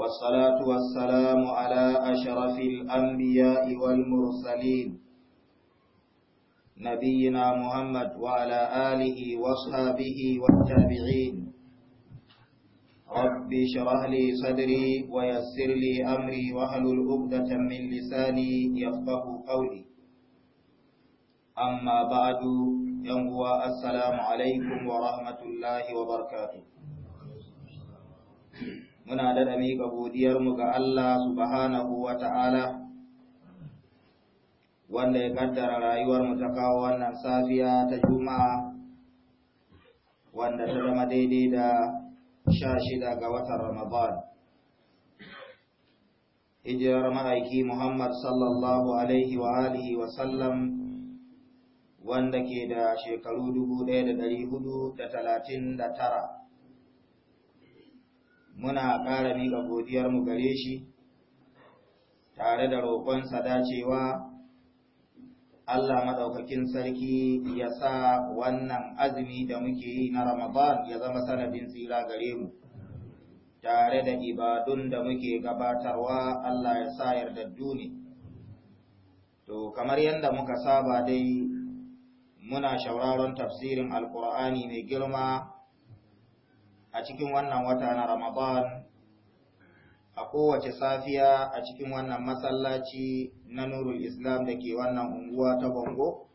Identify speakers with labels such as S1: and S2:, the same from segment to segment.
S1: والصلاة والسلام على أشرف الأنبياء والمرسلين نبينا محمد وعلى آله وصحبه والتابعين رب شرح لي صدري ويسر لي أمري وهل الأبدة من لساني يفقه قولي أما بعد ينهو السلام عليكم ورحمة الله وبركاته muna daɗa miƙa godiyarmu ga Allah subhanahu wa ta'ala wanda ya kaddara rayuwarmu ta kawo wannan safiya ta juma'a wanda ta zama daidai da sha shida ga watan ramadan hijirar ma'aiki muhammad sallallahu alaihi wa alihi wa sallam wanda ke da shekaru dubu ɗari hudu da talatin da tara muna ƙara miƙa godiyarmu gare shi tare da roƙonsa dacewa Allah maɗaukakin sarki ya sa wannan azumi da muke yi na Ramadan ya zama sanadin tsira gare mu, tare da ibadun da muke gabatarwa Allah ya sa yardaddu ne. To, kamar yadda muka saba dai muna shauraron tafsirin Alƙur'ani mai girma a cikin wannan wata na Ramadan a kowace safiya a cikin wannan masallaci na Nurul Islam da ke wannan unguwa ta Bongo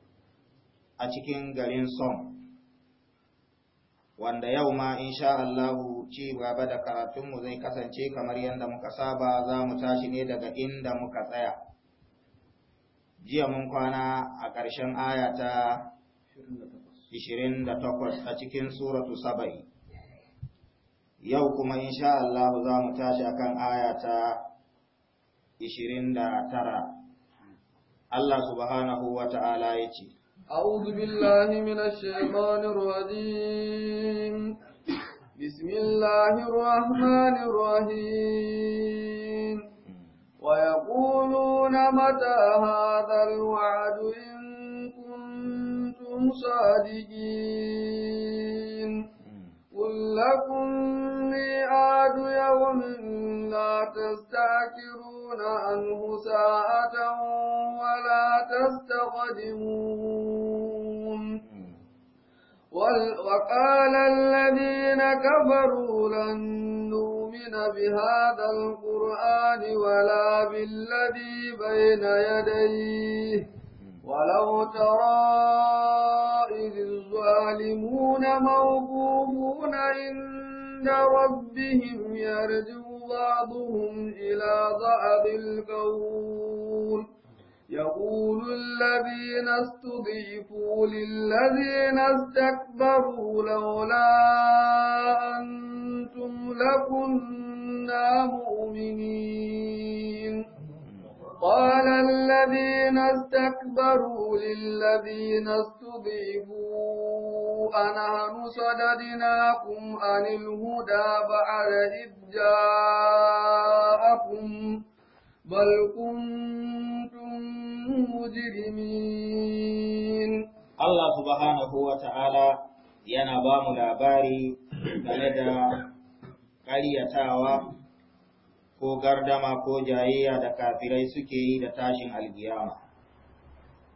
S1: a cikin garin Som. Wanda yau ma insha Allahu ci gaba da karatunmu zai kasance kamar yadda muka saba za mu tashi ne daga inda muka tsaya. Jiya mun kwana a ƙarshen aya ta 28 a cikin Suratu Saba'i. yau kuma insha Allah za mu tashi akan aya ta tara. Allah subhanahu wa ta'ala yace
S2: a'udhu billahi minash shaitanir rajim bismillahir rahmanir rahim wa yaquluna mata hadzal wa'du in kuntum sadiqin قل لكم ميعاد يوم لا تستاكرون عنه ساعة ولا تستقدمون وقال الذين كفروا لن نؤمن بهذا القرآن ولا بالذي بين يديه ولو ترى إذ الظالمون موقوفون عند ربهم يرجو بعضهم إلى ضعف القول يقول الذين استضيفوا للذين استكبروا لولا أنتم لكنا مؤمنين قال الذين استكبروا للذين استضيفوا أنهن صددناكم عن الهدى بعد إذ جاءكم بل كنتم مجرمين
S1: Allah سبحانه وتعالى ta'ala yana ba mu labari game da ƙaryatawa ko gardama ko jayayya da kafirai suke yi da tashin algiyama.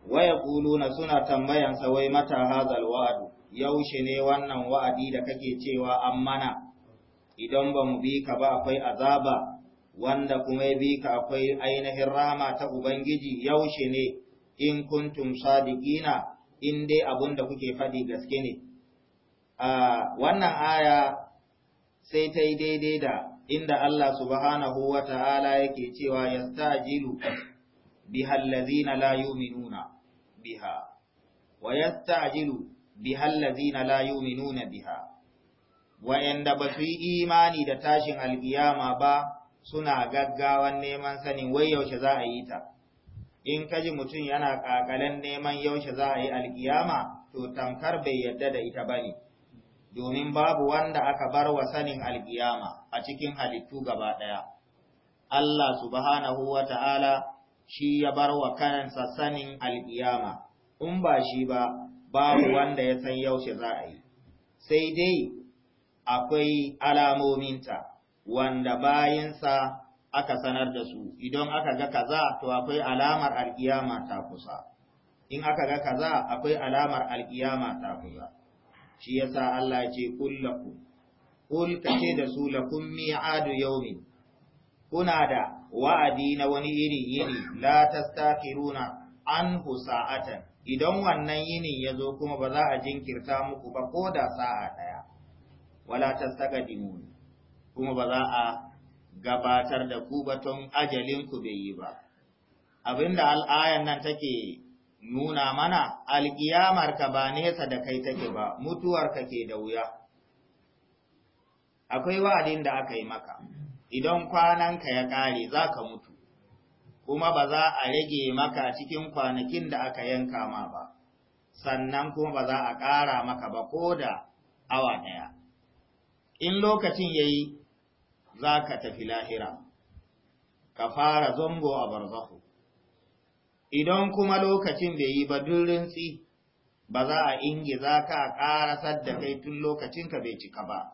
S1: Waya kuluna suna tambayansa wai mata hazal wa'adu, yaushe ne wannan wa'adi da kake cewa an mana, idan ba mu bi ka ba akwai azaba, wanda kuma ya bi ka akwai ainihin rama ta Ubangiji yaushe ne in kuntum sadiqina in dai abin da kuke faɗi gaske ne. Wannan aya sai ta yi daidai da inda Allah subhanahu wa ta'ala yake cewa yastajilu biha la yuminuna biha wa yastajilu bihal ladina la yu'minuna biha wa'anda ba su yi imani da tashin alkiyama ba suna gaggawan neman sanin wai yaushe za a yi ta in kaji mutum yana kakalen neman yaushe za a yi alkiyama to tamkar bai yadda da ita bane domin babu wanda aka bar wa sanin alkiyama a cikin halittu gaba daya Allah subhanahu wa ta'ala shi ya bar wa kansa sanin alkiyama in ba shi ba babu wanda ya san yaushe za a yi sai dai akwai alamominta wanda bayansa aka sanar da su idan aka ga kaza to akwai alamar alkiyama ta kusa in aka ga kaza akwai alamar alkiyama ta kusa shi yasa Allah ce kullaku kul kace da su lakum mi'adu yawmin kuna da wa'adi na wani iri yini la tastakhiruna anhu sa'atan idan wannan yinin ya zo kuma ba za a jinkirta muku ba ko da sa'a ɗaya, wala ta sakadimun, kuma ba za a gabatar da ku batun ku bai yi ba. Abinda al'ayan nan take nuna mana, ka ba nesa da kai take ba, mutuwarka ke da wuya. Akwai wa'adin da aka yi maka, idan kwananka ya ƙare za ka mutu. kuma ba za a rage maka cikin kwanakin da aka yanka ma ba, sannan kuma ba za a ƙara maka ba ko da awa ɗaya. In lokacin ya yi, za ka tafi lahira, ka fara zongo a barzahu. Idan kuma lokacin bai yi ba rintsi, ba za a inge za ka ƙara sadda kai tun lokacin ka bai cika ba.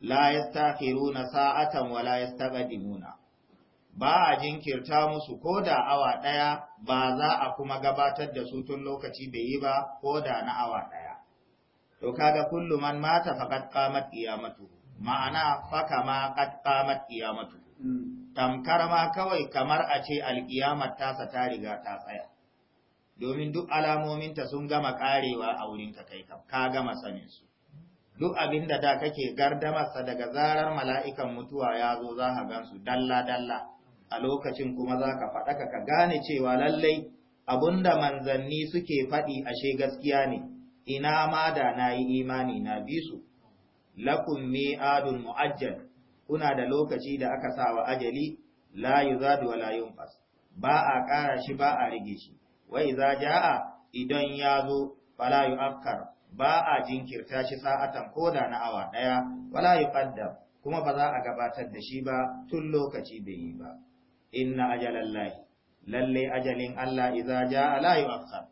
S1: La yasta sa'atan wa la yasta ba a jinkirta musu ko da awa ɗaya ba za a kuma gabatar da su tun lokaci bai yi ba ko da na awa ɗaya. To kaga kullum an mata faƙat ƙamat qiyamatu ma'ana faka ma ƙat ƙamat qiyamatu tamkar ma kawai kamar a ce alƙiyamar tasa ta riga ta tsaya domin duk alamominta sun gama ƙarewa a wurin ka kai ka gama sanin su duk abinda da kake gardamarsa daga zarar mala'ikan mutuwa ya zo za ka gansu dalla dalla a lokacin kuma za ka faɗaka ka gane cewa lallai abun da manzanni suke faɗi ashe gaskiya ne ina ma da na yi imani na bisu. su mi mi'adun mu'ajjal kuna da lokaci da aka sa wa ajali la yuzadu wala yunqas ba a ƙara shi ba a rige shi wa ja jaa idan ya zo fala afkar. ba a jinkirta shi sa'atan ko da na awa ɗaya, wala yuqaddam kuma ba za a gabatar da shi ba tun lokaci bai yi ba inna ajalallahi lalle ajalin Allah idza jaa la yu'akhkhar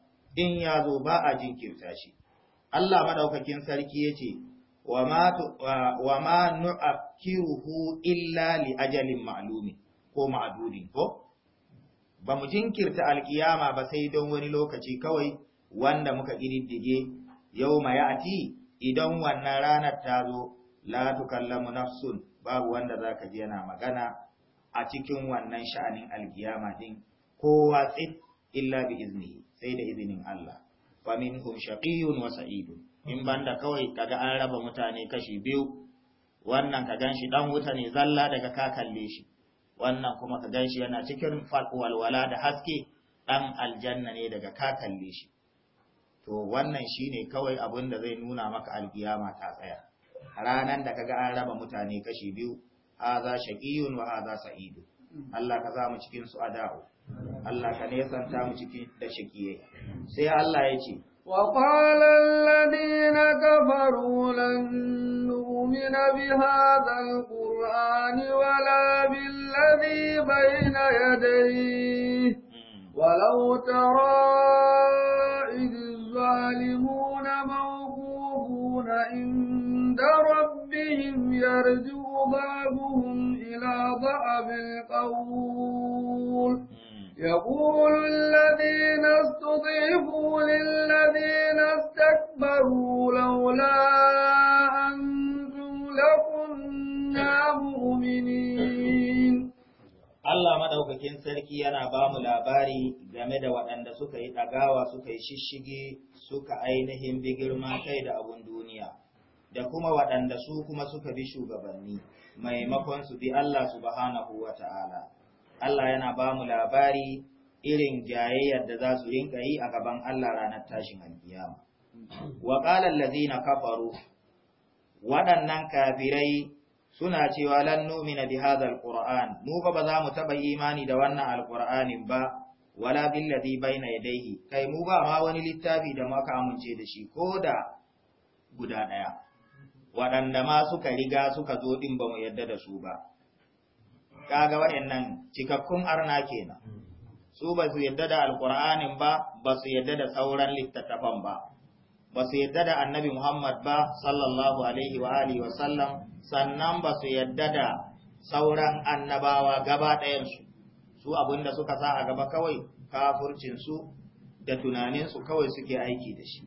S1: in zo ba a jinkirta shi Allah madaukakin sarki yace wa ma wa ma illa li ajalin ma'lumi ko ma'dudin ko ba mu jinkirta alkiyama ba sai don wani lokaci kawai wanda muka kididdige ma ya'ati idan wannan ranar ta zo la tukallamu nafsun babu wanda zaka ji yana magana a cikin wannan sha'anin alkiyama din kowa tsit illa bi izni sai da izinin Allah wa minhum shaqiyun wa sa'idun in banda kawai kaga an raba mutane kashi biyu wannan ka ganshi dan wuta ne zalla daga ka kalle shi wannan kuma ka ganshi yana cikin walwala da haske dan aljanna ne daga ka kalle shi to wannan shine kawai abin da zai nuna maka alkiyama ta tsaya ranan da kaga an raba mutane kashi biyu haza shaqiyun wa haza sa'id Allah ka zama cikin su adao Allah ka ne santa mu cikin da shaqiye sai Allah ya ce
S2: wa qala alladheena kafaru lan nu'mina bi hadha alqur'ani wa la bil ladhi bayna yadayhi wa law tara idh zalimuna mawqufuna inda ربهم يرجو بعضهم إلى بعض القول يقول الذين استضعفوا للذين استكبروا لولا أنتم لكنا مؤمنين
S1: Allah maɗaukakin sarki yana ba mu labari game da waɗanda suka yi ɗagawa suka yi shishige suka ainihin bi girma kai da abun duniya. da kuma waɗanda su kuma suka bi shugabanni
S2: maimakon
S1: su bi Allah subhanahu wa ta'ala. Allah yana ba mu labari irin jayayyar da za su rinka yi a gaban Allah ranar tashin alkiyama. Wa ƙalar lazina kafaru, waɗannan kafirai suna cewa lan numina bi hadha quran mu ba za mu taɓa imani da wannan alquranin ba wala bil baina yadayhi kai mu ba ma wani littafi da muka amince da shi ko da guda ɗaya. waɗanda ma suka riga suka zo ɗin ba mu yadda da su ba kaga waɗannan cikakkun arna kenan su ba su yadda da alƙur'anin ba ba su yadda da sauran littattafan ba ba su yadda da annabi Muhammad ba sallallahu alaihi wa alihi wa sallam sannan ba su yadda da sauran annabawa gaba ɗayansu su da suka sa a gaba kawai kafurcin su, da tunaninsu kawai suke aiki da shi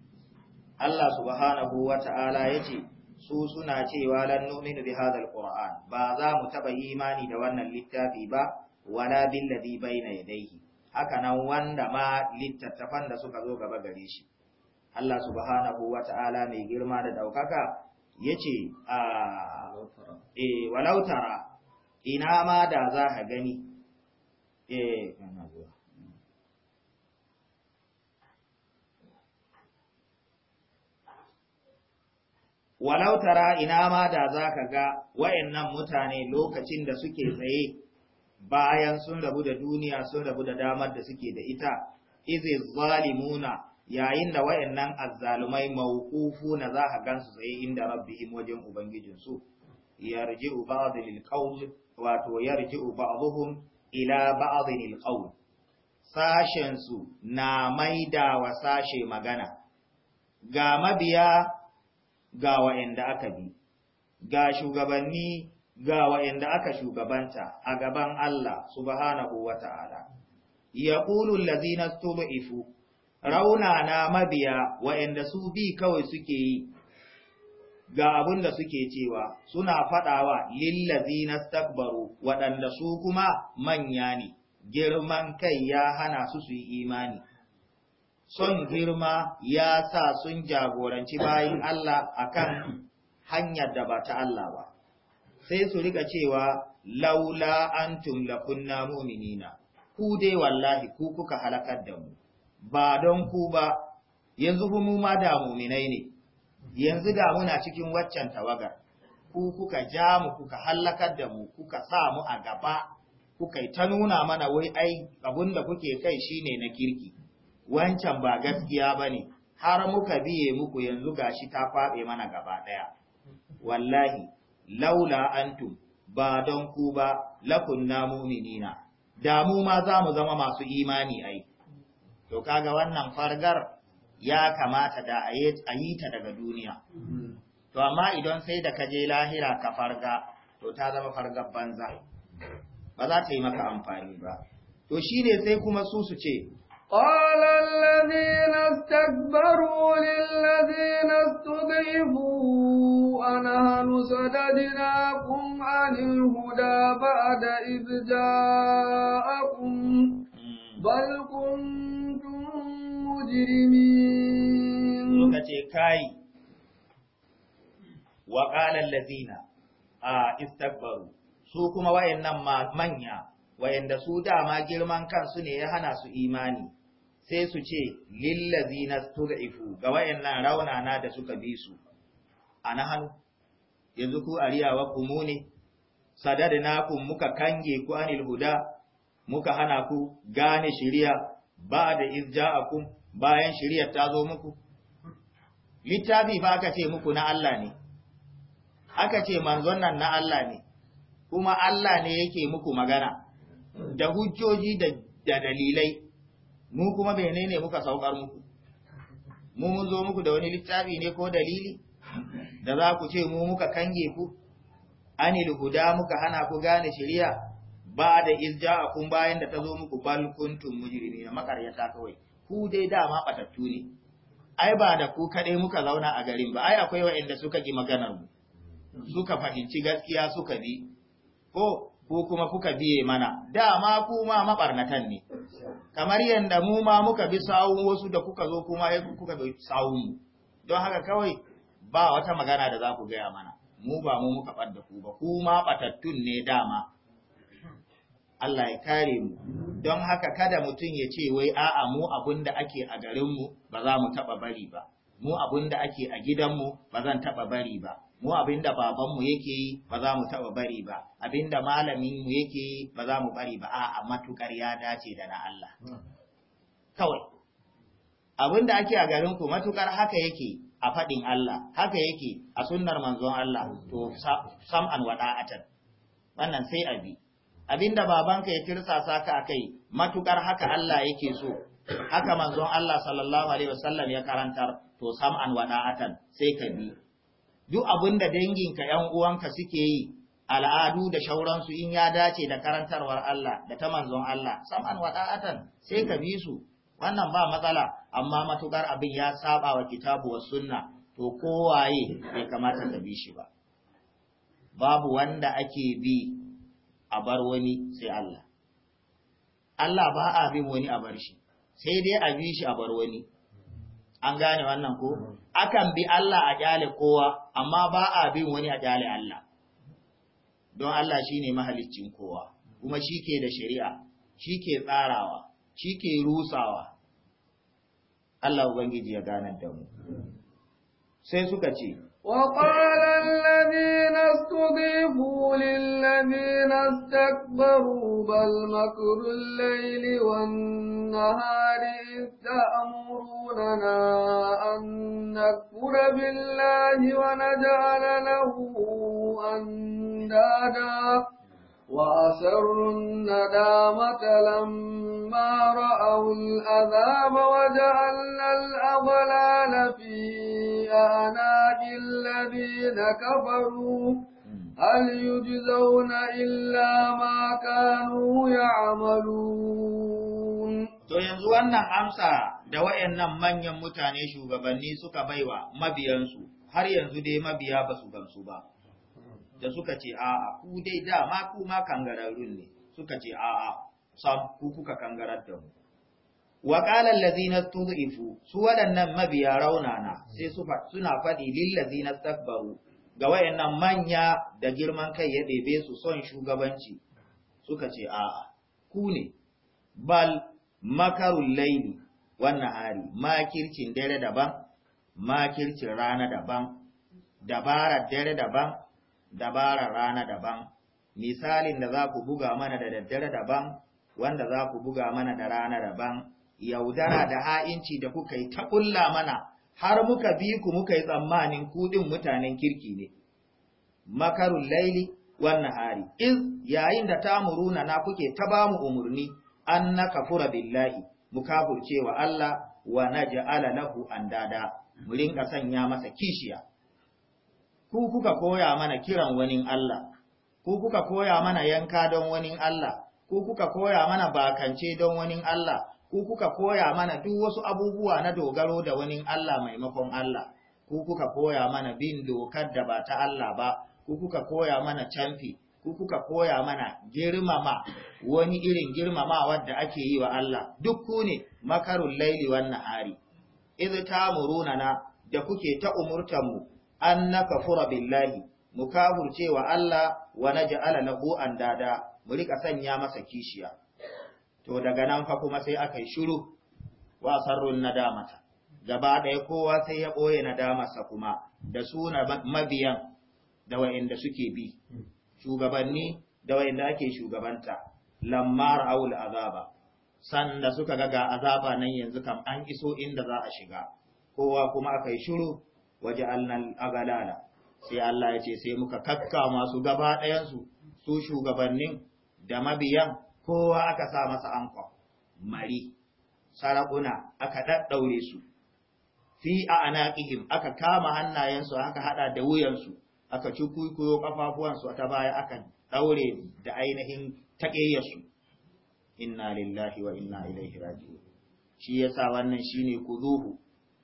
S1: Allah subhanahu wa ta'ala ya ce su suna cewa lan nu'minu bi hadha qur'an ba za mu taba imani da wannan littafi ba wala ladhi bayna yadayhi haka nan wanda ma littattafan da suka zo gaba gare shi Allah subhanahu wa ta'ala mai girma da daukaka yace a ah, eh walautara ina ma da za ka gani eh kana zuwa walau tara ina ma da za ka ga wa'annan mutane lokacin da suke tsaye bayan sun rabu da duniya sun rabu da damar da suke da ita izi zalimuna yayin da wa'annan azzalumai mawqufu na za ka gansu tsaye inda rabbihim wajen ubangijinsu yarji'u ba'd lil qawl wato ila ba'd lil qawl sashen su na maida wa sashe magana ga mabiya ga wa'anda aka bi, ga shugabanni ga wa'anda aka shugabanta a gaban Allah subhanahu wa ta'ala. Ya lazinas lazina ifu,
S2: rauna na
S1: mabiya wa'anda su bi kawai suke yi ga abin da suke cewa suna faɗawa lillazina takbaru waɗanda su kuma manya ne, girman kai ya hana su su yi imani. son girma ya sa sun jagoranci bayan Allah akan hanyar da ba ta Allah ba sai su rika cewa laula tumla kunna mu'minina ku dai wallahi ku kuka halakar da mu ba don ku ba yanzu mu ma da ne yanzu da muna cikin waccan tawagar ku kuka ja mu kuka halakar da mu kuka sa mu a gaba kuka ta nuna mana wai ai abin da kuke kai shine na kirki wancan ba gaskiya ba ne, har muka biye muku yanzu gashi ta kwaɓe mana gaba ɗaya. Wallahi, laula antum ba don ku ba na mu'minina, da mu ma za mu zama masu imani ai. To kaga wannan fargar ya kamata da a yi ta daga duniya. To amma idan sai da kaje lahira ka farga, to ta zama fargar banza, ba za ta yi maka amfani ba. To shine sai kuma su su ce,
S2: قال الذين استكبروا للذين استضعفوا أنهن سددناكم عن الهدى بعد إذ جاءكم بل كنتم مجرمين
S1: كاي وقال الذين استكبروا سوكم وإنما wayannan manya wayanda su dama girman kansu ne ya hana su imani sai su ce Lillazi na stud'ifu ga wayannan raunana da suka bi su a na hannu yanzu ku ariyawa kumu ne ku muka kange ku anil huda muka hana ku gane shiriya ba da ku, bayan shiriyar ta zo muku littafi ba aka ce muku na Allah ne aka ce manzon nan na Allah ne kuma Allah ne yake muku magana da hujjoji da dalilai mu kuma menene muka saukar muku mu mun zo muku da wani littafi ne ko dalili da za ku ce mu muka kange ku anil huda muka hana ku gane shari'a ba da kun bayan da ta zo muku bal kuntum mujrimina makaryata kawai ku dai dama batattu ne ai ba da ku kaɗai muka zauna a garin ba ai akwai waɗanda suka ki maganar mu suka fahimci gaskiya suka bi ko ko kuma kuka biye mana dama kuma mabarnatan ne kamar yadda mu ma muka bi sawun wasu da kuka zo kuma ai kuka bi sawun don haka kawai ba wata magana da za ku gaya mana mu ba mu muka ɓadda ku ba kuma batattun ne dama Allah ya kare mu don haka kada mutum ya ce wai a'a mu abun da ake a garinmu ba za mu taɓa bari ba mu abun da ake a gidanmu ba zan taɓa bari ba mu abinda babanmu yake yi ba za mu taɓa bari ba abinda malaminmu yake yi ba za mu bari ba a'a matukar ya dace da na Allah kawai abinda ake a garin ku matukar haka yake a faɗin Allah haka yake a sunnar manzon Allah to sam an wada'atan wannan sai abi abinda babanka ya tirsasa ka akai matukar haka Allah yake so haka manzon Allah sallallahu alaihi wasallam ya karantar to sam an wada'atan sai ka bi duk abin da danginka ‘yan uwanka suke yi al'adu da shauransu in ya dace da karantarwar Allah da ta manzon Allah, saman wada'atan sai ka bi su, wannan ba matsala, amma matukar abin ya saba wa kitabu wa sunna, to kowaye bai kamata ka bi shi ba. Babu wanda ake bi a bar wani sai Allah. Allah ba a bin wani a bar shi, sai dai a bi shi a bar wani. an gane wannan ko akan bi Allah a kyale kowa amma ba a bin wani a kyale Allah don Allah shine mahaliccin kowa kuma shike da shari'a shike tsarawa shike rusawa Allah ubangiji ya gane da mu sai suka ce
S2: وقال الذين استضيفوا للذين استكبروا بل مكر الليل والنهار إذ تأمروننا أن نكفر بالله ونجعل له أندادا وأسروا الندامة لما رأوا الأذاب وجعلنا الأغلال فيه آناج الذين كفروا هل يجزون إلا ما كانوا يعملون to yanzu wannan amsa
S1: da wayannan manyan mutane shugabanni suka baiwa mabiyansu har yanzu dai mabiya ba su gamsu ba da suka ce a'a ku dai dama ku ma kangararrun ne suka ce a'a sam ku kuka kangarar da mu wa qala allazina tud'ifu su waɗannan mabiya raunana sai su suna faɗi lil ladzina ga wayannan manya da girman kai ya ɗebe su son shugabanci suka ce a'a ku ne bal makarun laili wannan hari makircin dare daban makircin rana daban dabarar dare daban dabarar rana daban misalin da za ku buga mana da daddare daban wanda za ku buga mana da rana daban yaudara da ha'inci da kuka yi ta ƙulla mana har muka bi ku muka yi tsammanin kuɗin mutanen kirki ne. Makarun laili wannan hari, iz yayin da ta muruna na kuke ta ba mu umarni an na kafura billahi, mu kafurce wa Allah wa na ja'ala ku an dada, mu rinka sanya masa kishiya. Ku kuka koya mana kiran wani Allah, ku kuka koya mana yanka don wani Allah, ku kuka koya mana bakance don wani Allah, ku kuka koya mana duk wasu abubuwa na dogaro da wani Allah maimakon Allah, ku kuka koya mana bin dokar da ba ta Allah ba, ku kuka koya mana canfi ku kuka koya mana girmama wani irin girmama wadda ake yi wa Allah, duk ku ne makarun laili wannan hari. Iza ta na da kuke ta umurtanmu, an na kafura billahi, mu kafurce wa Allah wa na Ala na bu'an dada, mu rika sanya masa kishiya. to daga nan fa kuma sai aka yi shiru wa sarrun nadamata gaba ɗaya kowa sai ya ɓoye nadamarsa kuma da suna mabiyan da wa'inda suke bi shugabanni da wa'inda ake shugabanta lammar aul azaba sanda suka ga ga azaba nan yanzu kam an iso inda za a shiga kowa kuma aka yi shiru waje alnal agalala sai Allah ya ce sai muka kakka masu gaba ɗayansu su shugabannin da mabiyan kowa aka sa masa ankon mari sarakuna aka daddaure su fi a anaqihim aka kama hannayensu aka hada da wuyansu aka ci kuikuyo kafafuwansu ta baya aka daure da ainihin taƙiyyarsu inna lillahi wa inna ilaihi raji'un shi yasa wannan shine kuzuhu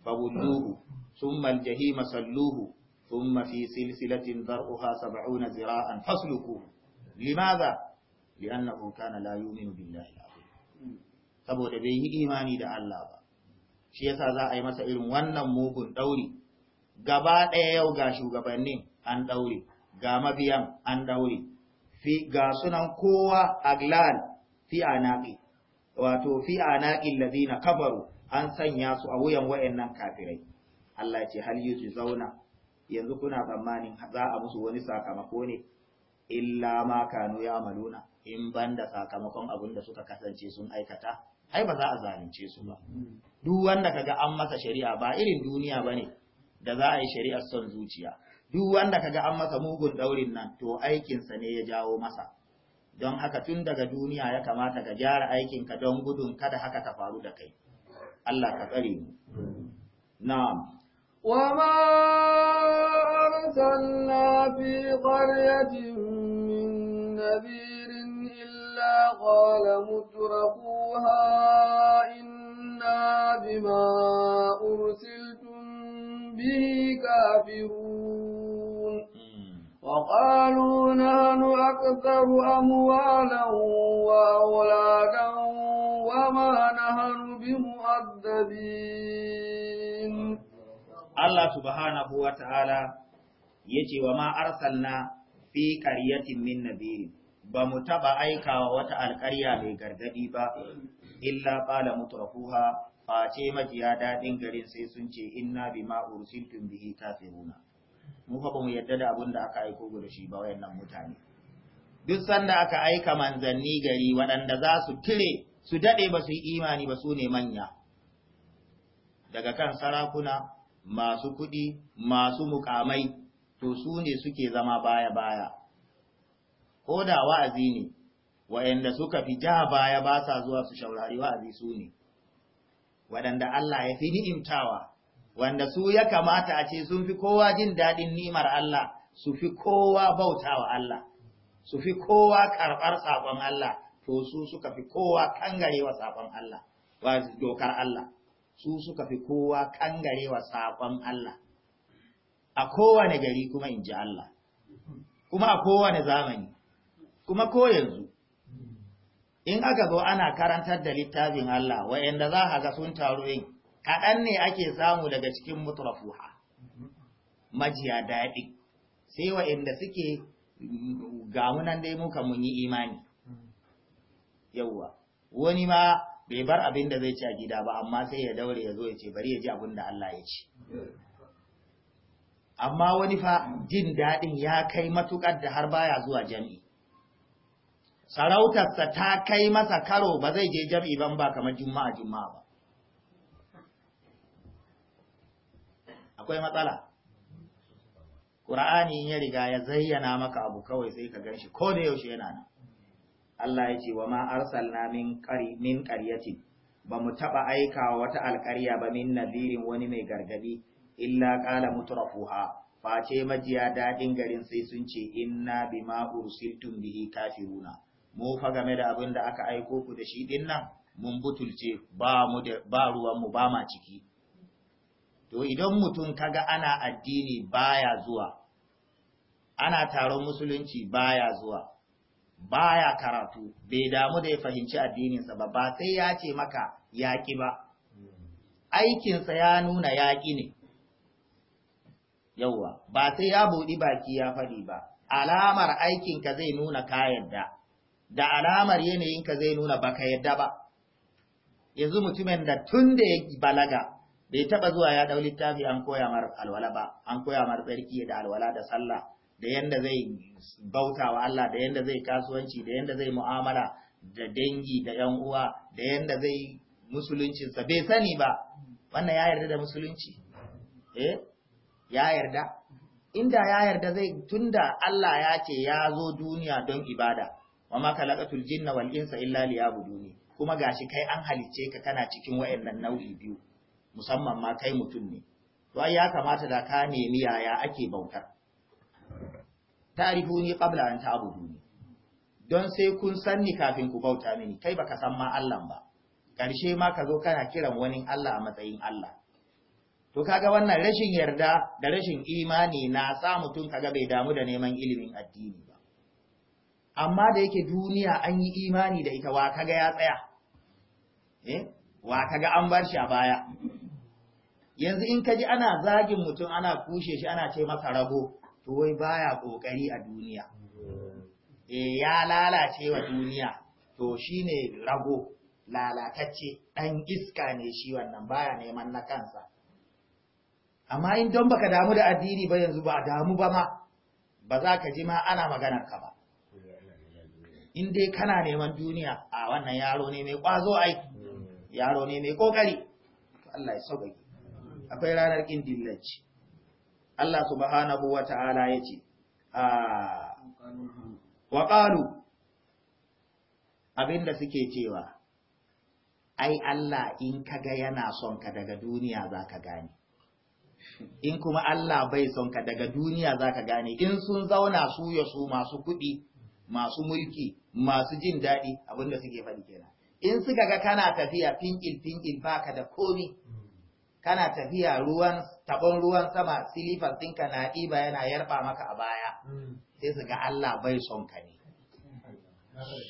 S1: fabulluhu thumma aljahim salluhu thumma fi silsilatin dar'uha 70 zira'an fasluku limadha bi annahu kana la yu'minu billahi saboda bai yi imani da Allah ba shi yasa za a yi masa irin wannan mugun dauri gaba ɗaya yau ga shugabannin an daure ga mabiyan an daure ga sunan kowa aglal fi anaqi wato fi anaqi alladhina kafaru an sanya su a wuyan wayannan kafirai Allah ce hal yuzu zauna yanzu kuna tsammanin za a musu wani sakamako ne illa ma kanu ya maluna in ban da sakamakon abin da suka kasance sun aikata ai ba za a zalunce su ba duk wanda kaga an masa shari'a ba irin duniya bane da za a yi shari'ar son zuciya duk wanda kaga an masa mugun daurin nan to aikinsa ne ya jawo masa don haka tun daga duniya ya kamata ka gyara aikinka don gudun kada haka ta faru da kai Allah ka tsare mu na'am
S2: وما أرسلنا في قرية من نبي قال مترفوها إنا بما أرسلتم به كافرون
S3: وقالوا نحن أكثر أموالا وأولادا
S2: وما نحن بمؤذبين
S1: الله سبحانه وتعالى يتي وما أرسلنا في قرية من نذير ba mu taɓa aikawa wata alƙarya mai gargadi ba, illa ƙala mutrafuha face majiya daɗin garin sai sun ce inna bima ursiltum bihi kafiruna. Mu ba mu yadda da abin da aka aiko da shi ba wayannan mutane. Duk sanda aka aika manzanni gari waɗanda za su kire su daɗe ba su yi imani ba su ne manya. Daga kan sarakuna, masu kuɗi, masu mukamai, to su ne suke zama baya-baya. ko da wa'azi ne wa'anda suka fi ja baya ba sa zuwa su shaurari wa'azi su ne waɗanda Allah ya fi ni'imtawa wanda su ya kamata a ce sun fi kowa jin daɗin nimar Allah su fi kowa bautawa Allah su fi kowa karɓar saƙon Allah to su suka fi kowa kangarewa saƙon Allah wa dokar Allah su suka fi kowa kangarewa saƙon Allah a kowane gari kuma in ji Allah kuma a kowane zamani kuma ko yanzu in aka zo ana karantar da littafin Allah wa'anda za a ga sun taru yin kaɗan ne ake samu daga cikin mutrafuha majiya daɗi sai wa'anda suke gamunan dai muka mun yi imani yauwa wani ma bai bar abin da zai ci a gida ba amma sai ya daure ya zo ya ce bari ya ji abin da Allah ya ci amma wani fa jin daɗin ya kai matuƙar da har baya zuwa jami'i sarautarsa ta kai masa karo ba zai je jam'i ban ba kamar juma'a juma'a ba akwai matsala ƙura'ani ya riga ya zayyana maka abu kawai sai ka gan shi ko da yaushe yana nan Allah ya ce wa ma na min ce, ba mu taɓa aika wa wata alƙarya ba min nadirin wani mai gargadi illa ƙala mutrafuha face majiya daɗin garin sai sun ce inna bima ursiltum bihi kafiruna mu fa game da abin da aka aiko ku da shi din nan mun butulce ba mu da ba ruwan mu ba ma ciki to idan mutum kaga ana addini baya zuwa ana taron musulunci baya zuwa baya karatu bai damu da ya fahimci addininsa ba ba sai ya ce maka yaƙi ba aikinsa ya nuna yaƙi ne yauwa ba sai ya buɗi baki ya faɗi ba alamar aikinka zai nuna ka yadda da alamar yanayinka zai nuna baka yadda ba yanzu mutumin da tun da ya balaga bai taba zuwa ya dau littafi an koya mar alwala ba an koya mar tsarki da alwala da sallah da yanda zai bauta wa Allah da yanda zai kasuwanci da yanda zai mu'amala da dangi da yan uwa da yanda zai musulunci sa bai sani ba wannan ya yarda da musulunci eh ya yarda inda ya yarda zai tunda Allah ya ce ya zo duniya don ibada wa ma khalaqatul jinna wal insa illa liya'buduni kuma gashi kai an halice ka kana cikin wayannan nau'i biyu musamman ma kai mutum ne to ya kamata da ka nemi yaya ake bautar tarihuni qabla an ta'buduni don sai kun sanni kafin ku bauta mini kai baka san ma Allah ba karshe ma ka zo kana kiran wani Allah a matsayin Allah to kaga wannan rashin yarda da rashin imani na sa mutum kaga bai damu da neman ilimin addini ba amma da yake duniya an yi imani da ita wa kaga ya tsaya eh wa kaga an bar shi a baya yanzu in kaji ana zagin mutum ana kushe shi ana ce masa rago to wai baya kokari a duniya eh ya lalace wa duniya to shine rago lalatacce dan iska ne shi wannan baya neman na kansa amma in don baka damu da addini ba yanzu ba damu ba ma ba za ka ji ma ana maganar ka ba in dai kana neman duniya a wannan yaro ne mai kwazo ai yaro ne mai kokari Allah ya sauƙaƙe akwai ranar kin dillanci Allah subhanahu wa ta'ala ya ce ah, wa qalu abinda suke cewa ai Allah in kaga yana son ka daga duniya za ka gane in kuma Allah bai son ka daga duniya za ka gane in sun zauna su ya su masu kuɗi masu mulki masu jin daɗi abin da suke faɗi kenan in suka ga kana tafiya finkil finkil baka da komi kana tafiya ruwan tabon ruwan sama silifas ɗinka na iba yana yarba maka a baya sai su ga Allah bai son ka ne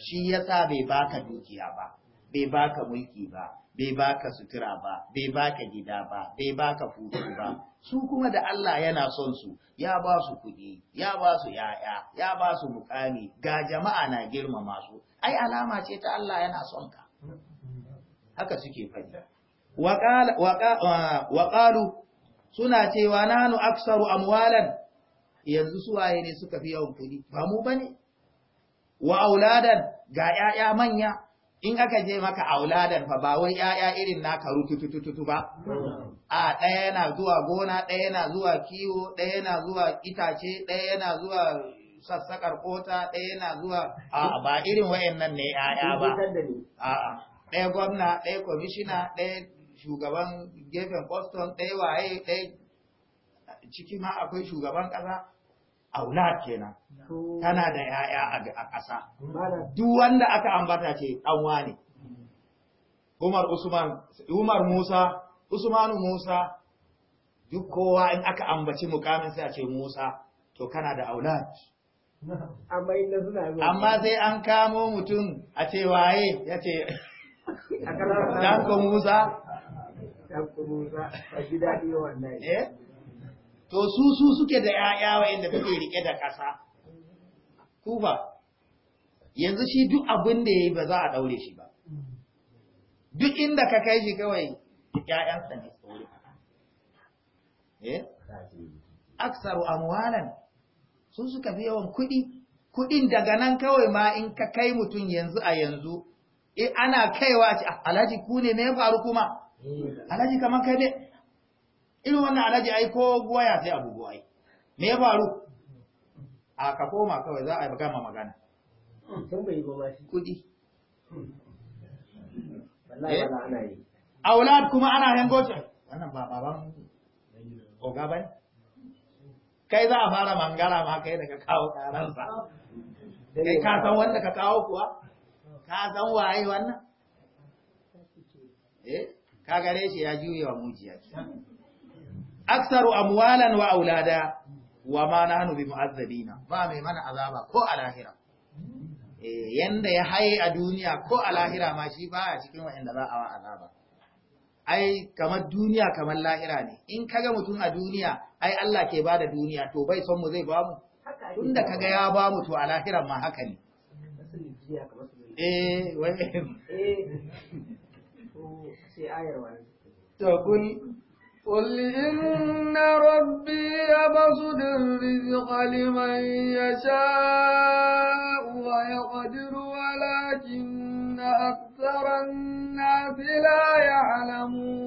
S1: shi yasa bai baka dukiya ba bai baka mulki ba bai baka sutura ba, bai baka gida ba, bai baka fufu ba, su kuma da Allah yana son su, ya ba su kuɗi, ya ba su ‘ya'ya, ya ba su mukami, ga jama'a na girmama su, ai alama ce ta Allah yana son ka. Haka suke faɗi. Waƙalu suna cewa nanu aksaru amwalan yanzu suwaye ne suka fi yawan kuɗi, ba mu bane. ne, wa auladan ga ‘ya'ya manya. in aka je maka auladar fa ba wai ‘ya'ya irin naka
S4: rututututu ba,
S1: a ɗaya yana zuwa gona, ɗaya yana zuwa kiwo, ɗaya yana zuwa itace, ɗaya yana zuwa sassakar kota, ɗaya yana zuwa a ba irin wayannan ne ‘ya'ya ba, a ɗaya gwamna, ɗaya kwamishina, ɗaya shugaban gefen Boston, ɗaya waye, ɗaya ciki ma akwai shugaban ƙasa, aulad kenan tana da ‘ya'ya a ƙasa, duk wanda aka ambata ce ɗanwa ne, Umar Usman, Umar Musa, Usmanu Musa, duk kowa in aka ambaci mukamin sai a ce Musa, to kana da aulad. Amma sai an kamo mutum a ce waye Yace dan ko Musa? ko Musa, a gidadi wannan eh
S2: to su su suke da ‘ya'ya wa'inda kuke
S1: riƙe da ƙasa, kufa, yanzu shi duk abin da ya yi ba za a ɗaure shi ba, duk inda ka kai shi kawai ‘ya'yansa ne tsoro. Eh? Aksaru amwalan, su suka fi yawan kuɗi, kuɗin daga nan kawai ma in ka kai mutum yanzu a yanzu, eh ana kaiwa ce, ah, Alhaji ku ne me faru kuma? Eh. Alhaji kamar kai ne, irin wannan alhaji ai ko goya sai abu goyi me ya faru a ka koma kawai za a yi gama magana kudi eh? aulad kuma ana hango shi wannan ba baban oga bane kai za a fara mangara ma kai daga kawo karansa kai ka san wanda ka kawo kuwa ka san waye wannan eh ka gare shi ya juye wa mujiya aksaru amwalan wa aulada wa ma nahnu bi mu'azzabina ba mai mana azaba ko a lahira eh yanda ya haye a duniya ko a lahira ma shi ba a cikin wanda za a wa azaba ai kamar duniya kamar lahira ne in kaga mutum a duniya ai Allah ke bada duniya to bai son mu zai ba mu tunda kaga ya ba mu to a lahira ma haka ne eh wai eh
S2: to kun قل إن ربي يبسط الرزق لمن يشاء ويقدر ولكن أكثر الناس لا يعلمون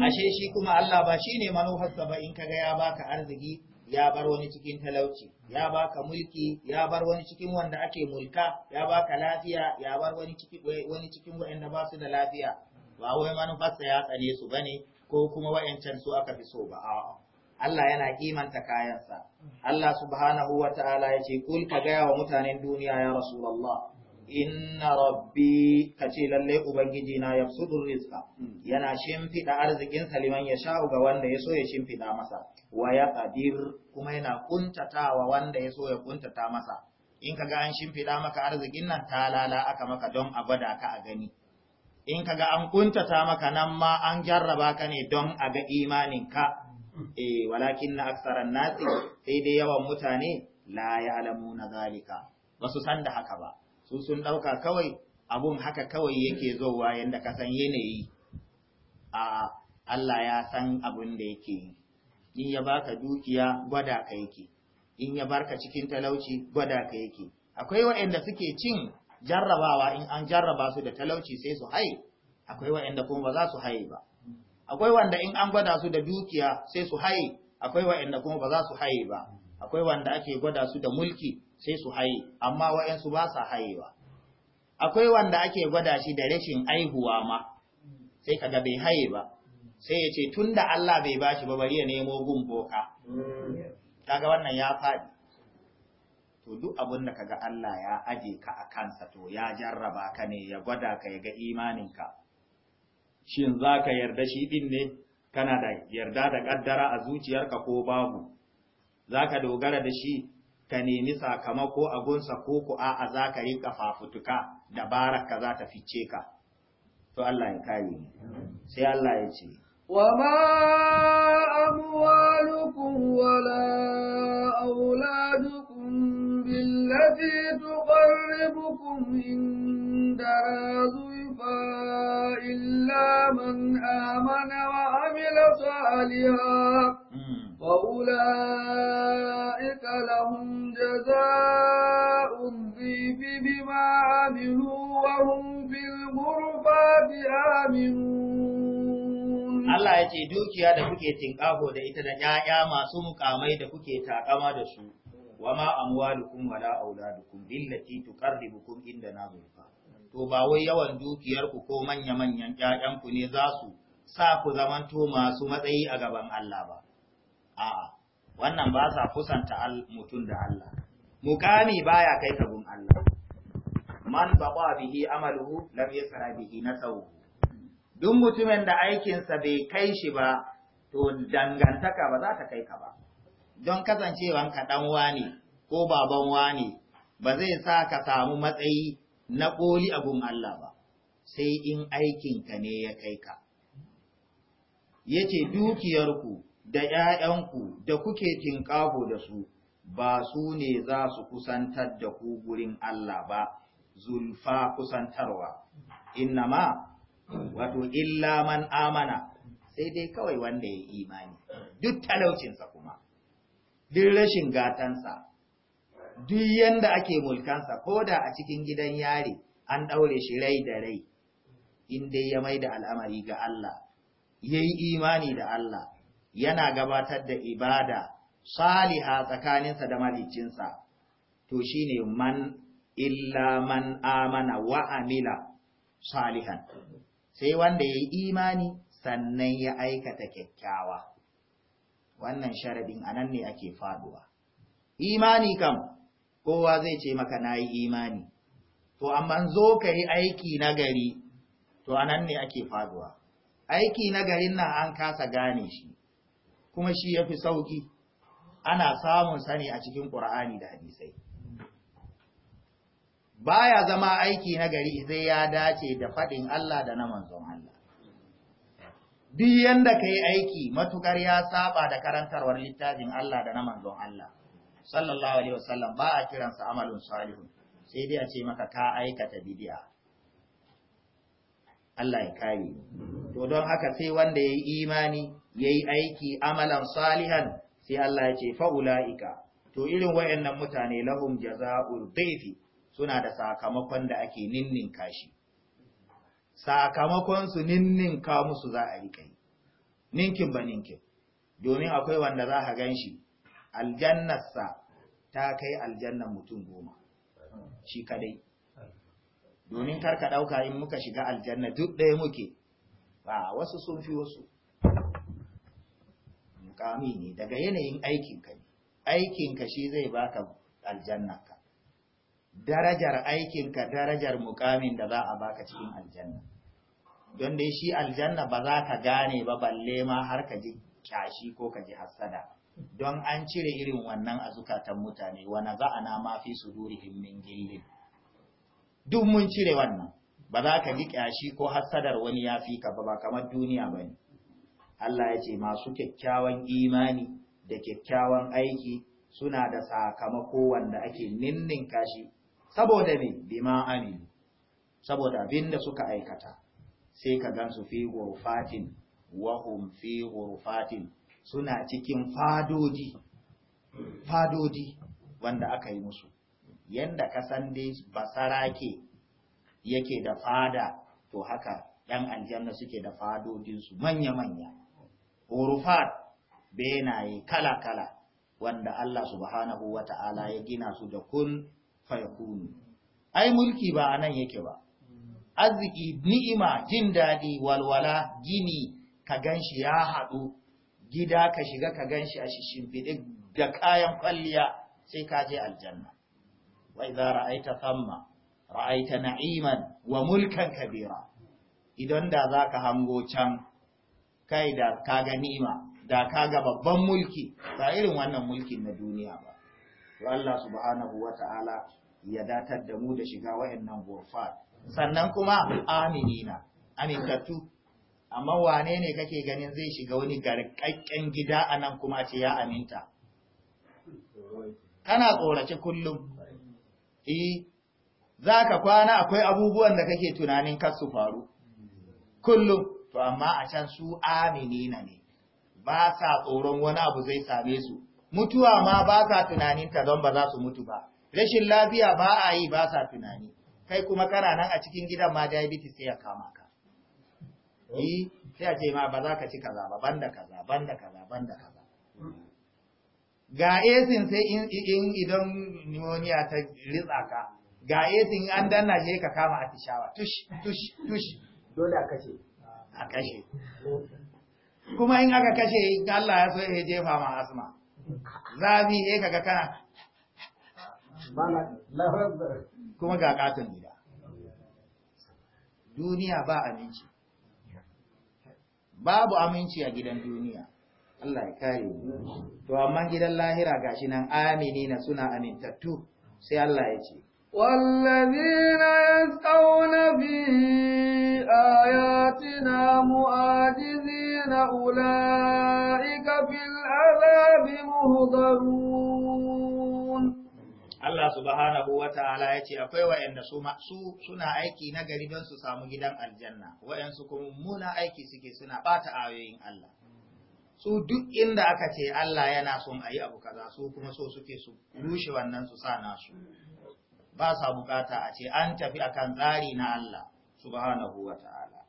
S2: ashe
S1: shi kuma Allah ba shine manufarsa ba in kaga ya baka arziki ya bar wani cikin talauci ya baka mulki ya bar wani cikin wanda ake mulka ya baka lafiya ya bar wani cikin wani ba su da lafiya ba wai manufarsa ya tsane su bane ko kuma wa'yancan su aka fi so ba a'a Allah yana kimanta kayansa Allah subhanahu wa ta'ala ya ce kul ka gaya wa mutanen duniya ya rasulullah inna rabbi ka ce lalle ubangiji na yabsutu rizqa hmm. yana shimfida arzikin saliman ya sha'u ga wanda ya so ya shimfida masa wa ya qadir kuma yana kuntatawa wanda ya so ya kuntata masa in ka ga an shimfida maka arzikin nan talala aka maka don a gwada ka a gani in kaga an kuntata maka nan ma an jarraba ka ne don a ga imanin ka eh walakin na aksaran nasi sai dai yawan mutane la na zalika basu san da haka ba su sun dauka kawai abun haka kawai yake zowa yanda ka san yanayi a Allah ya san abun da yake yi in ya baka dukiya gwada ka yake in ya barka cikin talauci gwada ka yake akwai waɗanda suke cin jarrabawa in an jarraba su da talauci sai su haye akwai wa'anda kuma ba za su haye ba akwai wanda in an gwada su da dukiya sai su haye akwai wa'anda kuma ba za su haye ba akwai wanda ake gwada su da mulki sai su haye amma wa'ansu ba sa hayewa akwai wanda ake gwada shi da rashin aihuwa ma sai kaga bai haye ba sai ya ce tunda Allah bai bashi ba bari ya nemo gumboka kaga wannan ya faɗi to duk abin da kaga Allah ya aje ka a kansa to ya jarraba ka ne ya gwada ka ya ga imaninka shin za ka yarda shi din ne kana da yarda da kaddara a zuciyarka ko babu za ka dogara da shi ka nemi sakamako a gunsa ko ku a za ka ƙafafu fafutuka dabarar ka za ta fice ka to Allah ya kare ni sai Allah ya ce
S2: wa ma amwalukum wala auladukum بالتي تقربكم عندنا زلفى إلا من آمن وعمل صالحا فأولئك لهم جزاء الضيف بما عملوا وهم في الغرفات آمنون
S4: الله
S1: ya ce dukiya da kuke tinƙaho يا ita da ‘ya'ya masu mukamai da kuke wa ma amwalukum wala auladukum illati tuqarribukum indana zulfa to ba wai yawan dukiyar ku ko manya manyan ƴaƴan ku ne za su sa ku zamanto masu matsayi a gaban Allah ba a'a wannan ba sa kusanta mutum da Allah mukami baya kai ka Allah man baqa bihi amaluhu lam yasra bihi nasabu duk mutumin da aikinsa bai kai shi ba to dangantaka ba za ta kai ka ba don kasancewanka dan wane ko baban wane ba zai sa ka samu matsayi na ƙoli abun Allah ba, sai in aikinka ne ya kai ka. yace dukiyarku da ‘ya'yanku da kuke tinƙaho da su, ba su ne za su kusantar da ku gurin Allah ba, zulfa kusantarwa, inna ma, wato illa man amana, sai dai kawai wanda ya yi imani, duk talaucinsa kuma. duk rashin gatansa, duk yanda ake mulkansa, ko da a cikin gidan yare an ɗaure shi rai da rai, in dai ya mai da al'amari ga Allah, ya yi imani da Allah, yana gabatar da ibada, saliha tsakaninsa da malicinsa, to shi ne man illa man amana wa amila salihan, sai wanda ya yi imani sannan ya aikata kyakkyawa. wannan sharadin anan ne ake faduwa imani kam kowa zai ce maka nayi imani to amma zo ka aiki nagari, to anan ne ake faduwa aiki na nan an kasa gane shi kuma shi yafi sauki ana samun sani a cikin Qur'ani da hadisai baya zama aiki nagari, gari sai ya dace da fadin Allah da na manzon Allah duk yanda ka yi aiki matukar ya saba da karantarwar littafin Allah da na manzon Allah sallallahu alaihi wasallam ba a kiransa amalun salihun sai dai a ce maka ka aikata bidiya Allah ya kare to don haka sai wanda yayi imani yayi aiki amalan salihan sai Allah ya ce fa ulaika to irin wayannan mutane lahum jazaa'ul dhayfi suna da sakamakon da ake ninninka shi sakamakon su ninnin ka musu za a rika yi ninkin ba ninkin domin akwai wanda za gan shi. aljannarsa ta kai aljannar mutum goma shi kadai domin karka ɗauka in muka shiga aljanna duk ɗaya muke ba wasu sun fi wasu mukami ne daga yanayin aikinka ne aikinka shi zai baka aljannarka darajar aikinka darajar mukamin da za a baka cikin aljanna don dai shi aljanna ba za ka gane ba balle ma har ka ji kyashi ko ka ji hassada don an cire irin wannan azukatan mutane wa naza'ana ma fi sudurihim min gillin duk mun cire wannan ba za ka ji kyashi ko hassadar wani ya fi ka ba kamar duniya ba ne Allah ya ce masu kyakkyawan imani da kyakkyawan aiki suna da sakamako wanda ake ninninka shi saboda me bima amilu saboda abinda suka aikata sai ka gan su fi gurfatin wahum fi gurfatin suna cikin fadoji fadoji wanda aka yi musu yanda ka san dai ke yake da fada to haka ɗan aljanna suke da fadodinsu manya-manya hurufat benaye kala-kala wanda Allah subhanahu wa ta'ala ya gina su da kun fayakunu ai mulki ba anan yake ba arziki ni'ima jin daɗi walwala gini ka ganshi ya haɗu gida ka shiga ka ganshi a shimfiɗe da kayan kwalliya sai ka je aljanna wa idza ra'aita thamma ra'aita na'iman wa mulkan kabira idan da zaka hango can kai da ka ga ni'ima da ka ga babban mulki ba irin wannan mulkin na duniya ba Allah subhanahu wa ta'ala ya datar da mu da shiga wayannan gurfa. sannan kuma aminina amintattu amma wane ne kake ganin zai shiga wani garkakken gida a nan kuma ce ya aminta kana tsoraci kullum eh za ka kwana akwai abubuwan da kake tunanin kar su faru kullum to amma a can su aminina ne ba sa tsoron wani abu zai same su mutuwa ma ba sa tunanin ta don ba za su mutu ba rashin lafiya ba a yi ba sa tunani kai kuma kana nan a cikin gidan ma diabetes sai ya kama ka Yi sai a ce ma ba za ka ci kaza ba banda kaza banda kaza banda kaza ga esin sai in in idan pneumonia ta ritsa ka ga esin an danna shi ka kama tishawa, tush tush tush dole a kashe a kashe kuma in aka kashe Allah ya so ya jefa ma asma zafi sai kaga kana kuma ga katon gida duniya ba aminci babu aminci a gidan duniya Allah ya kare to amma gidan lahira ga shi nan na suna amintattu sai Allah ya ce
S2: والذين يسعون في آياتنا mu'ajizi الظالمين أولئك في العذاب مهضرون
S1: Allah subhanahu wa ta'ala ya ce, Akwai wa'yanda su suna aiki na gari don su samu gidan aljanna, wa'yansu kuma muna aiki suke suna ɓata ayoyin Allah. Su duk inda aka ce Allah yana son a yi abu kaza su kuma so suke su rushe wannan su sa nasu. Ba sa bukata a ce an tafi akan tsari na Allah subhanahu wa ta'ala.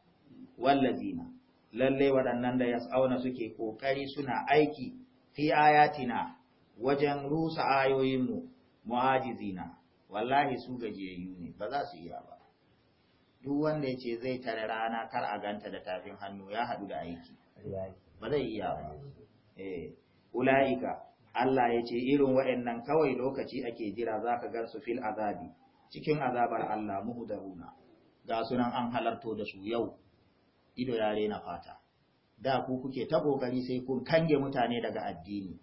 S1: Wallazina. lalle waɗannan da ya yas'auna suke kokari suna aiki fi ayatina wajen rusa ayoyinmu mu'ajizina wallahi su gajiyayyu ne ba za su iya ba duk wanda ya ce zai tare rana kar a ganta da tafin hannu ya haɗu da aiki ba zai iya ba eh ula'ika Allah ya ce irin waɗannan kawai lokaci ake jira za ka gan su fil azabi cikin azabar Allah muhudaruna ga sunan an halarto da su yau ido ya rena fata da ku kuke ta kokari sai kun kange mutane daga addini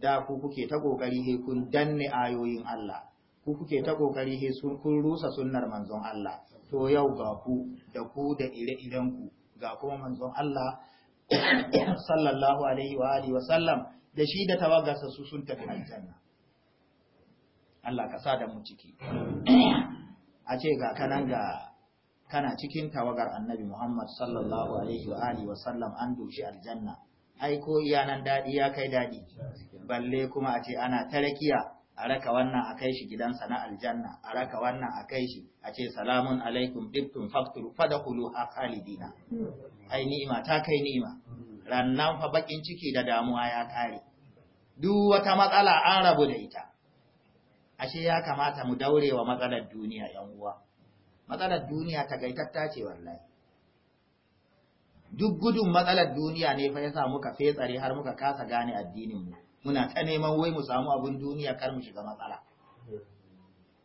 S1: da ku kuke ta kokari sai kun danne ayoyin Allah ku kuke ta kokari sai kun rusa sunnar manzon Allah to yau ga ku da ku da ire-iren ku ga kuma manzon Allah sallallahu alaihi wa alihi wa sallam da shi da tawagarsa su sun tafi aljanna Allah ka sa da mu ciki a ce ga kanan ga kana cikin tawagar annabi Muhammad sallallahu alaihi wa alihi wa sallam an dushi aljanna ai ko iya nan dadi ya kai dadi balle kuma a ce ana tarakiya a raka wannan a kai shi gidansa na aljanna a raka wannan a kai shi a ce salamun alaikum dibtum faktur fadkhulu khalidina ai ni'ima ta kai ni'ima rannan fa bakin ciki da damuwa ya kare duk wata matsala an rabu da ita ashe ya kamata mu daure wa matsalar duniya yan uwa matsalar duniya ta gaitatta ce wallahi duk gudun matsalar duniya ne fa yasa muka fetsare har muka kasa gane addinin mu muna ta neman wai mu samu abun duniya kar mu shiga matsala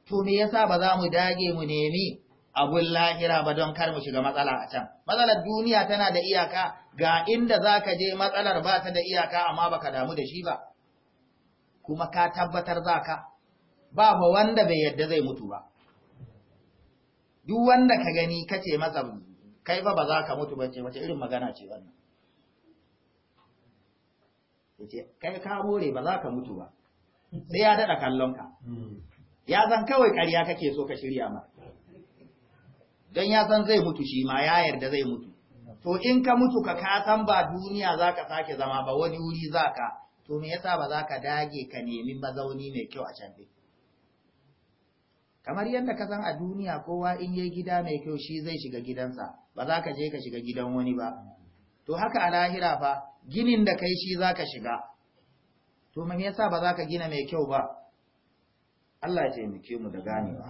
S1: to me yasa ba za mu dage mu nemi abun lahira ba don kar mu shiga matsala a can matsalar duniya tana da iyaka ga inda zaka je matsalar ba ta da iyaka amma baka damu da shi ba kuma ka tabbatar zaka ba ba wanda bai yadda zai mutu ba duk wanda ka gani kace masa kai ba ba za ka mutu bace wace irin magana ce wannan yace kai ka more ba za ka mutu ba sai ya dada kallon ka ya san kawai ƙarya kake so ka shirya ma don ya san zai mutu shi ma ya yarda zai mutu to in ka mutu ka ka san ba duniya za ka sake zama ba wani wuri za ka to me yasa ba za ka dage ka nemi mazauni mai kyau a can ɗin kamar yadda ka san a duniya kowa in yi gida mai kyau shi zai shiga gidansa ba za ka je ka shiga gidan wani ba to haka a lahira fa ginin da kai shi za ka shiga to me yasa ba za ka gina mai kyau ba Allah ya taimake mu da ganewa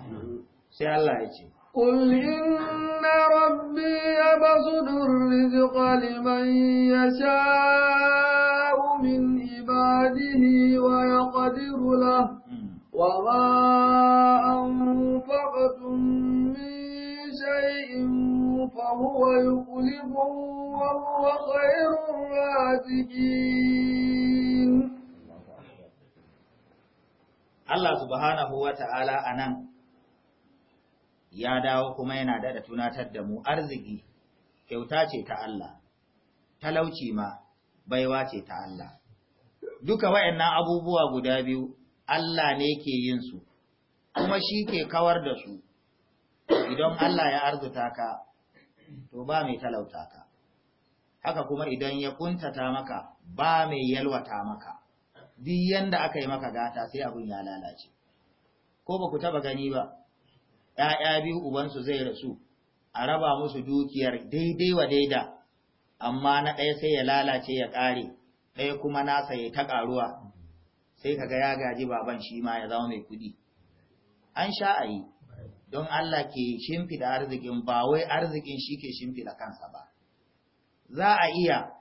S1: sai Allah
S2: ya ce قل إن ربي يبسط الرزق لمن يشاء من عباده ويقدر له وما أنفقتم من شيء فهو يخلفه وهو خير الرازقين
S1: Allah subhanahu wa ta'ala a nan ya dawo kuma yana daɗa tunatar da mu arziki, kyauta ce ta Allah, talauci ma baiwa ce ta Allah. Duka wa'yan abubuwa guda biyu Allah ne ke yin su, kuma shi ke kawar da su, idan Allah ya arzuta ka, to ba mai talauta ka, haka kuma idan ya kuntata maka ba mai yalwata maka, duk yanda aka yi maka gata sai abin ya lalace. Ko ba ku taba gani ba, ‘ya'ya biyu ubansu zai rasu, a raba musu dukiyar daidai wa daida, amma na ɗaya sai ya lalace ya ƙare, ɗaya kuma nasa ya ta ƙaruwa, sai kaga ya gaji baban shi ma ya zama mai kuɗi an sha a yi don Allah ke shimfida arzikin ba wai arzikin shi ke shimfida kansa ba za a iya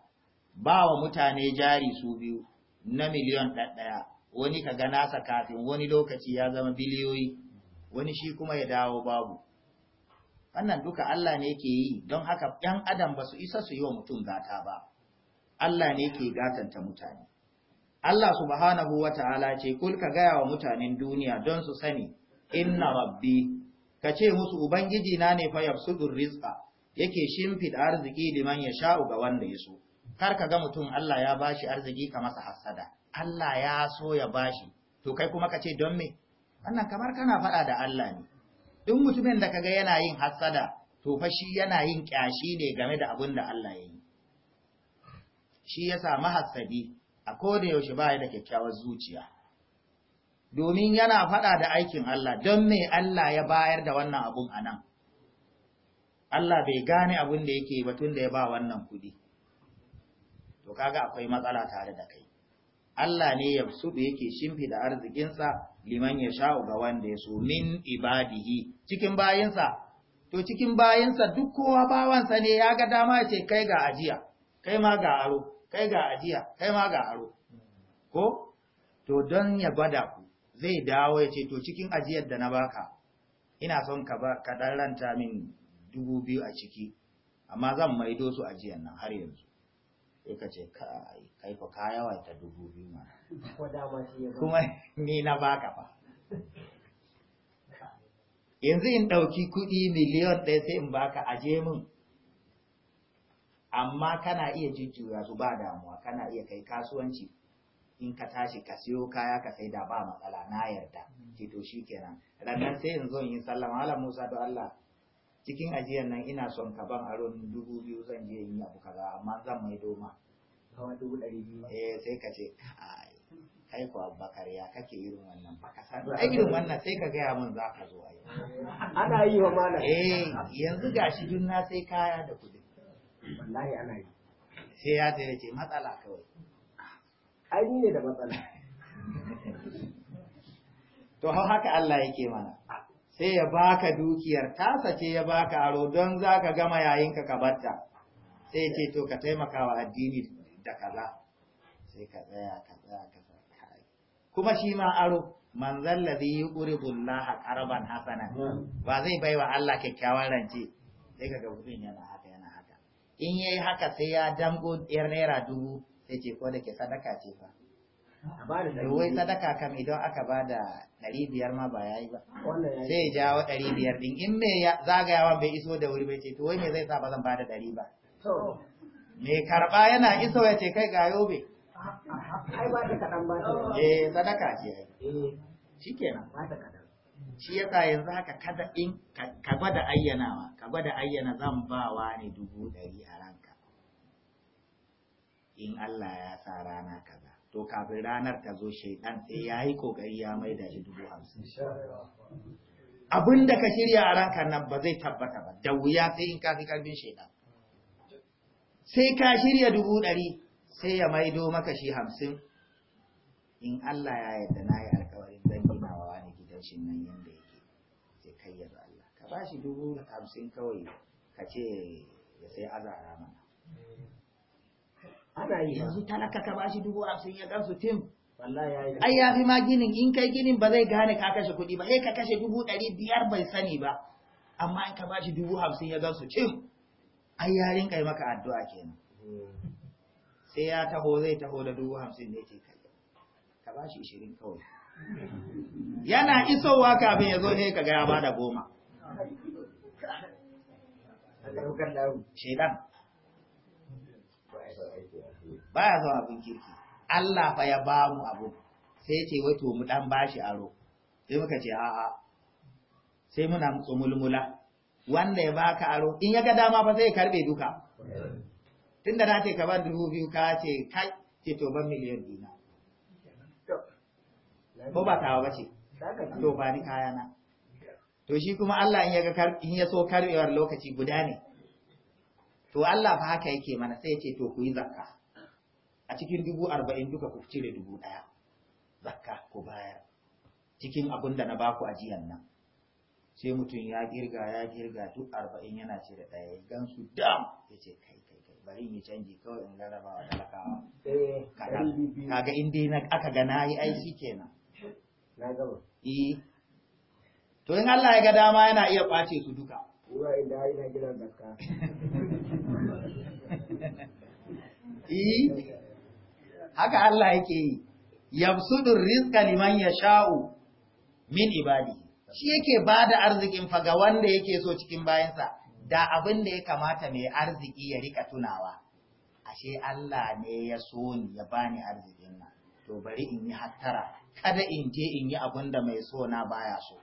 S1: ba wa mutane jari su biyu na miliyon ɗaya wani kaga nasa kafin wani lokaci ya zama biliyoyi wani shi kuma ya dawo babu wannan duka Allah ne ke yi don haka ‘yan adam ba su isa su yi wa mutum gata ba, Allah ne ke gatanta mutane. Allah subhanahu wa ta'ala ce, Kul ka gaya wa mutanen duniya don su sani, inna rabbi, ka ce musu Ubangiji na ne fa yabsudun rizqa yake da arziki liman ya sha'u ga wanda ya so. Kar ka ga mutum Allah ya bashi arziki ka masa hassada, Allah ya so ya bashi, to kai kuma ka ce don me? Wannan kamar kana faɗa da Allah ne. Duk mutumin da ka ga yana yin hassada, to fa shi yana yin ƙyashi ne game da abin da Allah ya yi. Shi ya sa mahassadi a koda yaushe ba da kyakkyawar zuciya domin yana faɗa da aikin Allah don me Allah ya bayar da wannan abun a nan Allah bai gane abun da yake ba tun da ya ba wannan kuɗi to kaga akwai matsala tare da kai Allah ne ya da yake shimfida arzikinsa liman ya sha'u ga wanda ya so min ibadihi cikin bayinsa, to cikin bayinsa duk kowa bawansa ne ya ga dama ya ce kai ga ajiya, kai ma ga aro, kai ga ajiya kai ma ga aro
S4: ko to
S1: don ya gwada ku zai dawo ya ce to cikin ajiyar da na baka ina son ka ba ka dan ranta min dubu biyu a ciki amma zan maido su ajiyar nan har yanzu sai ka ce kai kai fa ka ta dubu biyu ma kuma ni na baka fa yanzu in ɗauki kuɗi miliyan ɗaya sai in baka aje min amma kana iya jujjuya su ba damuwa kana iya kai kasuwanci in ka tashi ka siyo kaya ka sai da ba matsala na yarda mm. ke to shikenan ranar sai in zo in sallama ala Musa da Allah cikin ajiyar nan ina son ka ban aron dubu biyu zan je in yi abu kaza amma zan mai doma dubu ɗari biyu eh sai ka ce kai ko abubakar ya kake irin wannan baka san ai irin wannan sai ka gaya min za ka zo a
S4: yau ana yi
S1: wa malam eh yanzu gashi duk na sai kaya da kuɗi wallahi ana yi sai ya ta yake matsala kawai ai ni ne da matsala to haka Allah yake mana sai ya baka dukiyar tasa ce ya baka aro don zaka gama yayin ka kabarta sai ya ce to ka taimakawa addini da kaza
S4: sai ka tsaya ka tsaya ka tsaya
S1: kuma shi ma aro man zallazi yuqridu Allah qarban hasana hmm. ba zai baiwa Allah kyakkyawan rance sai kaga mutum yana in ya yi haka sai ya damgo yar naira dubu sai ce ko da ke sadaka ce fa
S4: wai sadaka
S1: kam idan aka ba da ɗari biyar ma ba ya yi ba sai ya jawo ɗari biyar ɗin in me zagayawa bai iso da wuri bai ce to wai me zai sa ba zan ba da ɗari ba me karɓa yana iso ya ce kai ga yobe eh sadaka ce eh. shi kenan shi yasa yanzu haka kada in ka gwada ayyanawa ka gwada ayyana zan ba wa ne dubu ɗari a ranka in Allah ya sa rana kaza to kafin ranar ta zo shaidan sai ya yi kokari ya mai da shi dubu hamsin abin da ka shirya a ranka nan ba zai tabbata ba da wuya sai in ka fi karfin shaidan
S2: sai ka shirya
S1: dubu ɗari sai ya maido maka shi hamsin in Allah ya yarda na yi rashin nan yadda yake sai kai ya Allah ka ba shi dubu hamsin kawai ka ce ya sai azara mana ana yi yanzu talaka ka ba shi dubu hamsin ya gansu tim ai ya fi ma ginin in kai ginin ba zai gane ka kashe kuɗi ba sai eh, ka kashe dubu ɗari biyar bai sani ba amma in ka ba shi dubu hamsin ya gansu tim ai ya rinka yi maka addu'a kenan hmm. sai ya taho zai taho da dubu hamsin ne ce ka ba shi ishirin kawai yana isowa kafin ya zo ne ka gaya ba goma
S4: Ba
S1: baya son abin kirki Allah fa ya ba mu abu sai ce wato mu dan bashi aro sai muka ce a'a sai muna mutsu mulmula wanda ya baka aro in ya ga dama ba sai karɓe karbe duka tunda na ce ka ban dubu biyu ka ce kai ce to ban miliyan dina ko ba tawa ba ce to ba ni kaya na to shi kuma Allah in ya so karewar lokaci guda ne to Allah fa haka yake mana sai ya ce to ku yi zakka a cikin dubu arba'in duka ku cire dubu ɗaya zakka ku bayar cikin abin da na baku ajiyan nan sai mutum ya girga ya girga duk arba'in yana cire daya, ɗaya ya gan su dam ya ce kai kai kai bari in yi canji
S4: kawai in rarraba wa talakawa eh,
S1: kaga in dai aka ga na yi aiki kenan
S4: E,
S1: To in Allah ya ga dama yana iya ɓace su
S4: duka. E,
S1: Haka Allah yake yi. Yabsudur rizqa liman sha'u min ibadi. Shi yake ba da arzikin faga wanda yake so cikin bayansa. Da abin da ya kamata mai arziki ya rika tunawa. Ashe Allah ne ya so ni ya bani arzikin nan. To bari in yi hattara kada in je in yi abin da mai so na baya so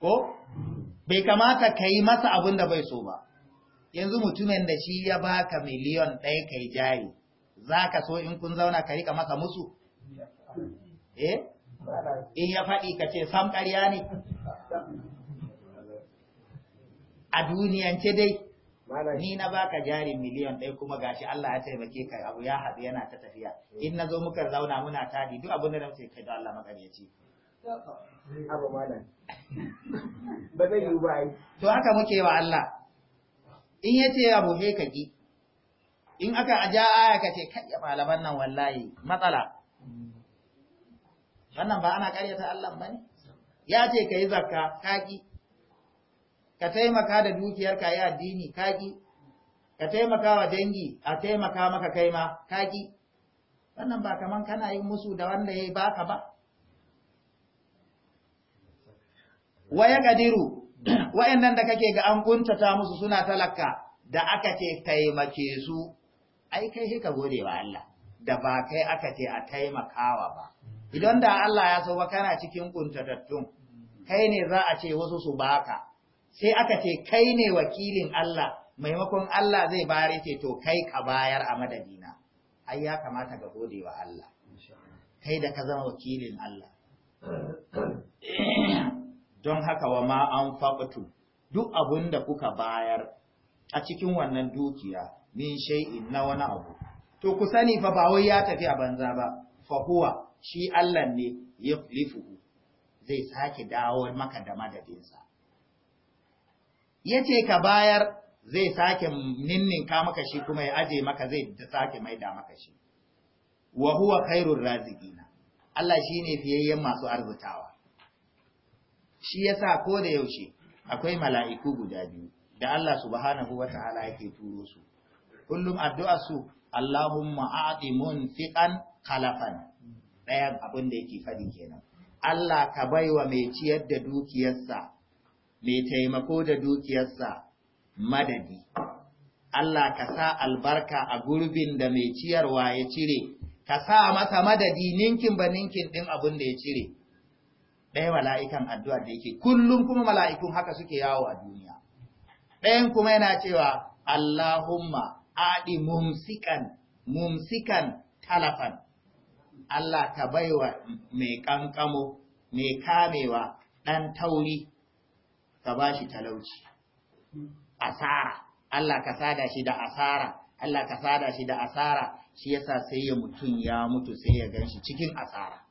S1: ko bai kamata ka yi masa abin da bai so ba yanzu mutumin da shi ya baka miliyon ɗaya kai jari za ka so in kun zauna ka rika masa musu eh in ya faɗi ka ce sam ƙarya ne a duniyance dai ni na baka jari miliyan ɗaya kuma gashi Allah ya taimake ka abu ya haɗu yana ta tafiya mm. in na zo muka zauna muna tadi duk abin da na ce kai da Allah ce abu malam ba zai yi ba to haka muke wa Allah in yace abu he ka ki in aka aja aya ka ce kai malaman nan wallahi matsala mm. wannan ba ana ƙaryata Allah bane ya ce kai zakka kaki ka taimaka da dukiyarka yi addini kaki ka taimaka wa dangi a taimaka maka kai ma kaki wannan ba kaman kana yin musu da wanda ya baka ba waya gadiru wayannan da kake ga an kuntata musu suna talaka da aka ce taimake su ai kai sai ka gode wa Allah da ba kai aka ce a taimakawa ba idan da Allah ya so kana cikin kuntatattun kai ne za a ce wasu su baka sai aka ce kai ne wakilin Allah maimakon Allah zai bare ce to kai ka bayar a madadina ai ya kamata ga gode wa Allah kai da ka zama wakilin Allah don haka wa ma an faɓatu duk abun da kuka bayar a cikin wannan dukiya min shay'in na wani abu to ku sani fa ba wai ya tafi a banza ba fa huwa shi Allah ne ya zai sake dawo maka da madadinsa ya ce ka bayar zai sake ninninka maka shi kuma ya aje maka zai sake maida maka shi wa huwa khairur raziqina Allah shine fiyayyen masu arzikawa. shi yasa ko da yaushe akwai mala'iku guda biyu da Allah subhanahu wataala yake turo su kullum addu'a su Allahumma a'ti munfiqan kalafan ɗayan abin da yake fadi kenan Allah ka baiwa mai ciyar da dukiyarsa mai taimako da dukiyarsa madadi. Allah ka sa albarka a gurbin da mai ciyarwa ya cire, ka sa masa madadi ninkin ba ninkin ɗin abin da ya cire. Ɗaya mala'ikan addu'ar da yake, kullum kuma mala'ikun haka suke yawo a duniya. Ɗayan kuma yana cewa, Allahumma, aɗi mumsikan, mumsikan talafan. Allah ta baiwa mai ƙanƙamo, mai kamewa, ɗan tauri, ka ba shi talauci asara Allah ka sada shi da asara Allah ka sada shi da asara shi yasa sai ya mutum ya mutu sai ya ganshi cikin asara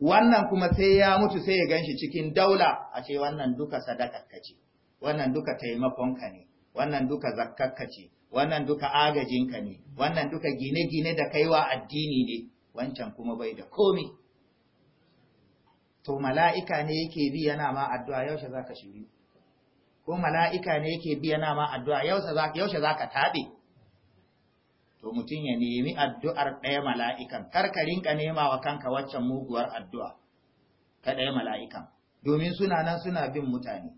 S1: wannan kuma sai ya mutu sai ya ganshi cikin daula a ce wannan duka sadakarka ce wannan duka taimakonka ne wannan duka zakkarka ce wannan duka agajinka ne wannan duka gine-gine da kaiwa addini ne wancan kuma bai da komi. to mala'ika ne yake bi yana ma addu'a yaushe za ka shiri ko mala'ika ne yake bi yana ma addu'a yaushe za ka taɓe to mutum ya nemi addu'ar ɗaya mala'ikan karkarin ka nema wa kanka waccan muguwar addu'a ka ɗaya mala'ikan domin suna nan suna bin mutane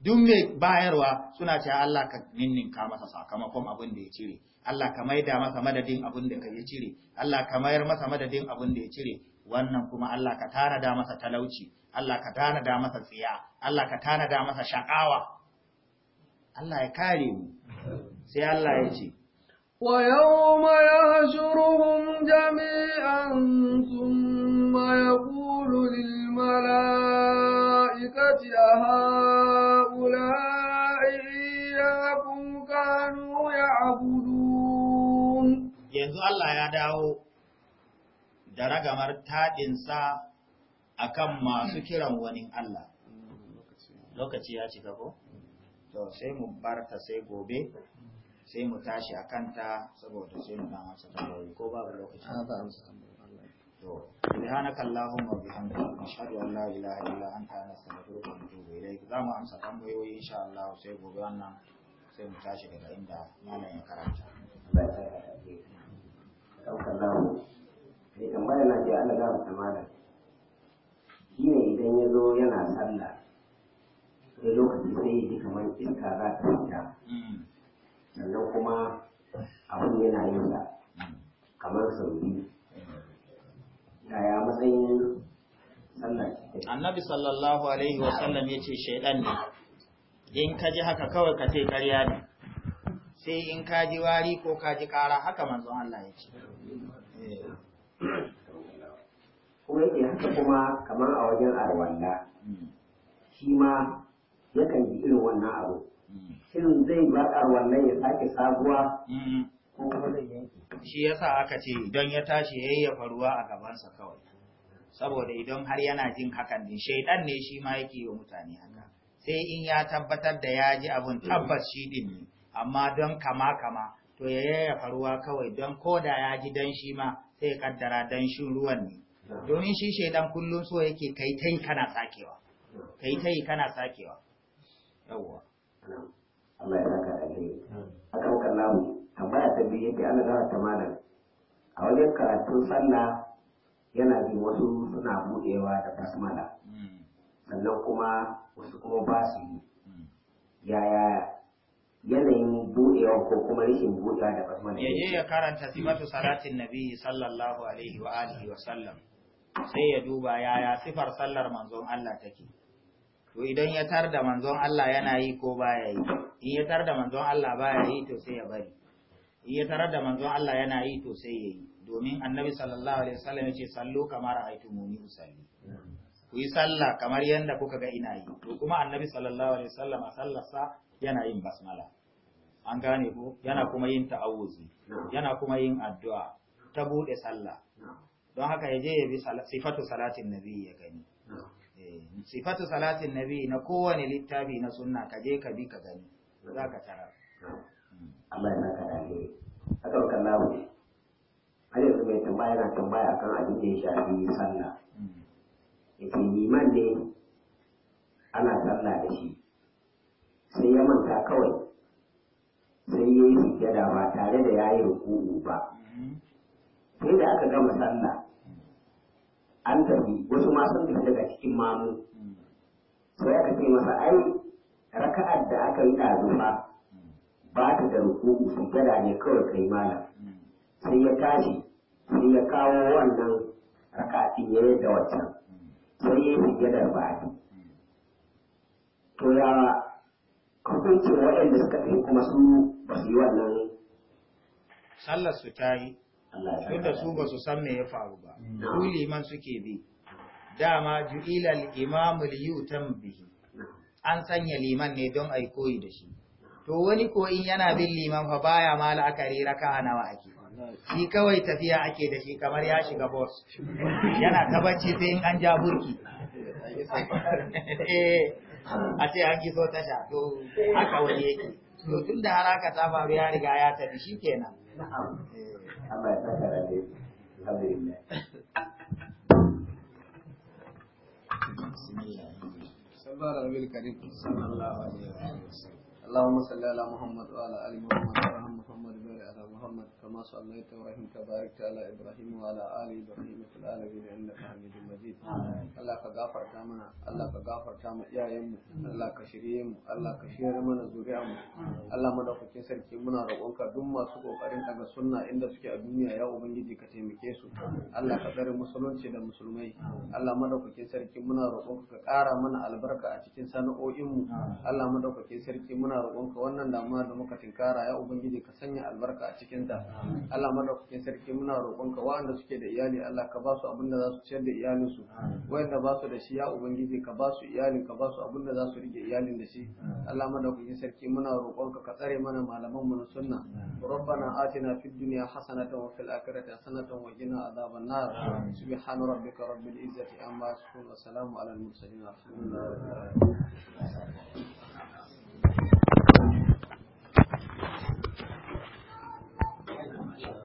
S1: duk mai bayarwa suna ce Allah ka ninninka masa sakamakon abin da ya cire Allah ka maida masa madadin abin da ka ya cire Allah ka mayar masa madadin abin da ya cire wannan kuma Allah ka da masa talauci Allah ka da masa tsiya Allah ka da masa shakawa Allah ya kare mu sai Allah ya ce
S2: jami’an يهشرهم جميعا ثم يقول للملائكة أهؤلاء إياكم كانوا يعبدون Yanzu Allah ya dawo. da ragamar
S1: taɗinsa a kan masu kiran wani Allah. Lokaci ya cika ko? To sai mu barta sai gobe, sai mu tashi a kanta saboda sai mu dan wata tambayoyi ko babu lokaci. A ah, ba amsa To, subhanak Allahumma bihamdika ashhadu an la ilaha illa anta nastaghfiruka wa natubu ilayk. Za mu amsa tambayoyi insha Allah sai gobe wannan sai mu tashi daga inda malam ya karanta.
S4: Allah ya tsaya da ke. Dauka sai eh, tambaya na ce Allah gama ta malam shi ne idan ya zo yana sallah sai lokaci sai ya ji kamar iska za ta fita sannan kuma abun yana yin sa kamar sauri yaya
S1: matsayin sallah annabi sallallahu alaihi wasallam ya ce shaidan ne in ka ji haka kawai ka ce karya ne sai in ka ji wari ko ka ji kara haka manzon Allah ya ce
S4: eh. kuma yake haka kuma kamar a wajen arwanda, shi ma yakan ji irin wannan abu shin zai ba arwanda ya sake sabuwa ko kuma zai yanke
S1: shi yasa aka ce idan ya tashi yayyafa ruwa a gabansa kawai saboda idan har yana jin hakan din shaidan ne shi ma yake yi mutane haka sai in ya tabbatar da ya ji abin tabbas shi din ne amma don kama kama to ya yayyafa ruwa kawai don ko da ya ji don shi ma sai kaddara danshin ruwan ne domin shi shaidan kullum so yake kai tai kana sakewa kai tai kana sakewa yawwa
S4: Allah ya saka da gani akan kallamu tambaya ta biyu yake Allah da ta mana a wajen karatun sallah yana bi wasu suna budewa da basmala hmm. sannan kuma wasu kuma ba su yi hmm. yaya yanayin buɗewa ko kuma rashin buɗewa da basmala
S1: ya je ya karanta sifatu salatin nabi sallallahu alaihi wa alihi wa sallam sai ya duba yaya sifar sallar manzon Allah take to idan ya tar da manzon Allah yana yi ko baya yi in ya tar da manzon Allah baya yi to sai ya bari in ya tar da manzon Allah yana yi to sai ya yi domin annabi sallallahu alaihi wa sallam ya ce sallu kamar muni usalli ku yi sallah kamar yadda kuka ga ina yi to kuma annabi sallallahu alaihi wa sallam a sallarsa yana yin basmala an gane ko yana kuma yin ta'awuzi yana kuma yin addu'a ta bude sallah don haka ya je ya bi sifatu salatin nabi ya gani eh, sifatu salatin nabi na kowane littafi na sunna ka je ka bi ka gani za ka tara
S4: Allah ya naka dale haka kallawo har yanzu mai tambaya yana tambaya akan abin da ya shafi sallah hmm. yake liman ne ana sallah da shi sai ya manta kawai sai ya yi sujjada ba tare da ya yi ruku'u ba sai da aka gama sallah an tafi wasu ma sun tafi daga cikin mamu sai aka ce masa ai raka'ar da aka yi ɗazufa ba ta da su gada ne kawai kai malam sai ya tashi sai ya kawo wannan raka'atin ya yadda waccan sai ya yi sujjadar ba to yawa hukuncin waɗanda suka ɗin kuma su ba su yi wannan
S1: sallar su ta yi da su ba su san me ya faru ba su liman suke bi dama ju'ilal imamu liyutan bihi an sanya liman ne don ai koyi da shi to wani ko in yana bin liman fa baya ma la'akari raka nawa ake shi kawai tafiya ake da shi kamar ya shiga bus yana ta bacci sai in an ja burki eh, a ce an tasha to haka wani yake to tun da haraka ta faru ya riga ya tafi shi kenan
S3: اللهم صل على محمد وعلى ال محمد محمد وبارك على محمد كما صليت ورحمت وباركت على إبراهيم وعلى آل إبراهيم في العالمين إنك حميد مجيد الله كغافر كامنا الله كغافر كام يا يم الله كشريم الله كشير من زوريام الله من أخوك سرك من ربك دم سوق قرن أجا سنة إن دسك الدنيا يا أبنجي كتيم كيسو الله كدر مسلمين شد مسلمي الله من أخوك سرك من ربك كارا من البركة أتكين سنة أو إم الله من أخوك سرك من ربك وانا دام ما دمك تنكارا يا أبنجي كسنة البركة albarka a cikin ta Allah madaukakin sarki muna roƙonka waɗanda suke da iyali Allah ka ba su abin da za su ciyar da iyalinsu wanda ba su da shi ya ubangiji ka ba su iyalin ka ba su abin da za su rike iyalin da shi Allah madaukakin sarki muna roƙonka ka tsare mana malaman mu na sunna ربنا آتنا في الدنيا حسنة وفي الآخرة حسنة وقنا عذاب النار سبحان ربك رب العزة عما يصفون وسلام على المرسلين الحمد لله